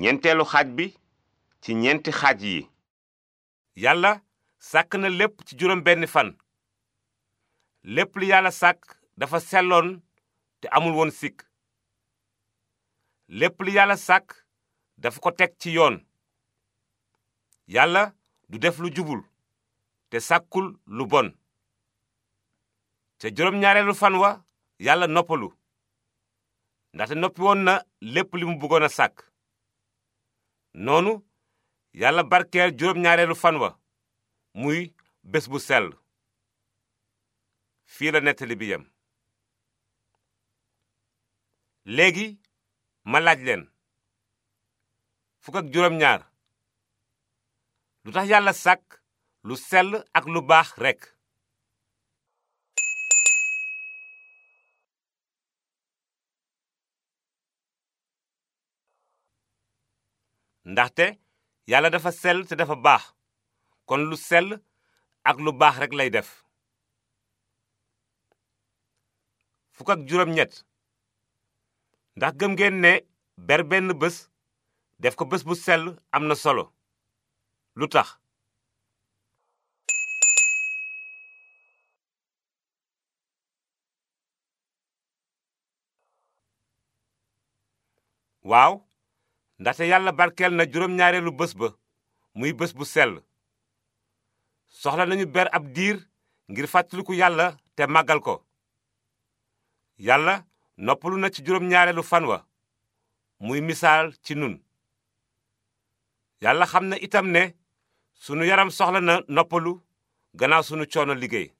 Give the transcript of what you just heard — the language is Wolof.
ñeenteelu xaaj bi ci ñeenti xaaj yi yàlla sàkk na lépp ci juróom benn fan lépp li yàlla sàkk dafa selloon te amul woon sikk lépp li yàlla sàkk dafa ko teg ci yoon yàlla du def lu jubul te sàkkul lu bon ca juróom-ñaareelu fan wa yàlla noppalu ndaxte noppi na lépp li mu bëggoon a sàkk noonu yàlla barkeel juróom ñaareelu fan wa muy bés bu sell fii la nettali bi yam léegi ma laaj leen fukk ak juróom ñaar lu tax yàlla sàkk lu sell ak lu baax rekk ndaxte yàlla dafa sel te dafa baax kon lu sel ak lu baax rekk lay def fukk ak juróom ñett ndax gëm ngeen ne ber benn bés def ko bés bu sell am na solo lu tax ndaxte yàlla barkeel na juróom-ñaareelu bés ba muy bés bu sell soxla nañu ber ab diir ngir fàttaliku yàlla te màggal ko yàlla noppalu na ci juróom-ñaareelu fan wa muy misaal ci nun yàlla xam na itam ne sunu yaram soxla na noppalu gannaaw sunu coono liggéey